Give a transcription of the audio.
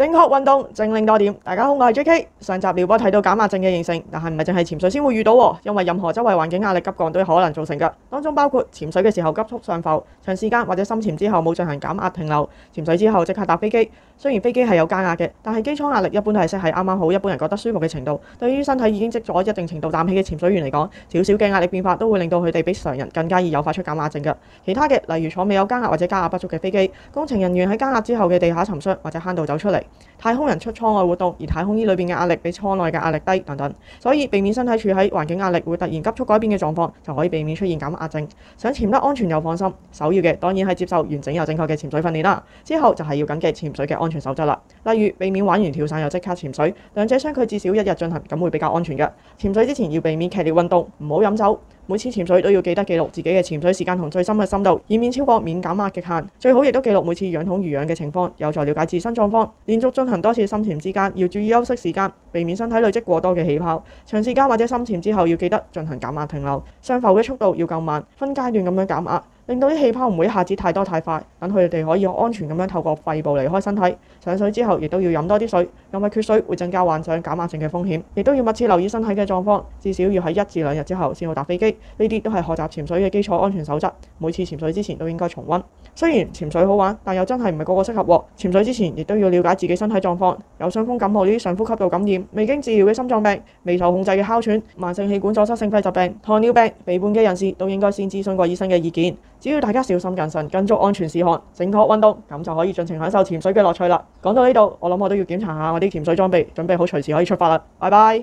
正確運動正令多點，大家好，我係 J K。上集療播提到減壓症嘅形成，但係唔係淨係潛水先會遇到，因為任何周圍環境壓力急降都有可能造成㗎。當中包括潛水嘅時候急速上浮、長時間或者深潛之後冇進行減壓停留、潛水之後即刻搭飛機。雖然飛機係有加壓嘅，但係機艙壓力一般都係設喺啱啱好一般人覺得舒服嘅程度。對於身體已經積咗一定程度氮氣嘅潛水員嚟講，少少嘅壓力變化都會令到佢哋比常人更加易誘發出減壓症㗎。其他嘅例如坐未有加壓或者加壓不足嘅飛機、工程人員喺加壓之後嘅地下沉箱或者坑道走出嚟。太空人出艙外活動，而太空衣裏面嘅壓力比艙內嘅壓力低等等，所以避免身體處喺環境壓力會突然急速改變嘅狀況，就可以避免出現減壓症。想潛得安全又放心，首要嘅當然係接受完整又正確嘅潛水訓練啦。之後就係要謹記潛水嘅安全守則啦，例如避免玩完跳傘又即刻潛水，兩者相距至少一日進行，咁會比較安全嘅。潛水之前要避免劇烈運動，唔好飲酒。每次潛水都要記得記錄自己嘅潛水時間同最深嘅深度，以免超過免減壓極限。最好亦都記錄每次氧筒餘氧嘅情況，有助了解自身狀況。連續進行多次深潛之間，要注意休息時間，避免身體累積過多嘅氣泡。長時間或者深潛之後，要記得進行減壓停留。上浮嘅速度要夠慢，分階段咁樣減壓。令到啲氣泡唔會一下子太多太快，等佢哋可以安全咁樣透過肺部離開身體。上水之後亦都要飲多啲水，因為缺水會增加患上減壓症嘅風險。亦都要密切留意身體嘅狀況，至少要喺一至兩日之後先好搭飛機。呢啲都係學習潛水嘅基礎安全守則，每次潛水之前都應該重温。雖然潛水好玩，但又真係唔係個個適合喎。潛水之前亦都要了解自己身體狀況，有傷風感冒呢啲上呼吸道感染、未經治療嘅心臟病、未受控制嘅哮喘、慢性氣管阻塞性肺疾病、糖尿病、肥胖嘅人士，都應該先諮詢過醫生嘅意見。只要大家小心謹慎，跟足安全事項，正確運動，咁就可以盡情享受潛水嘅樂趣啦！講到呢度，我諗我都要檢查下我啲潛水裝備，準備好隨時可以出發啦！拜拜。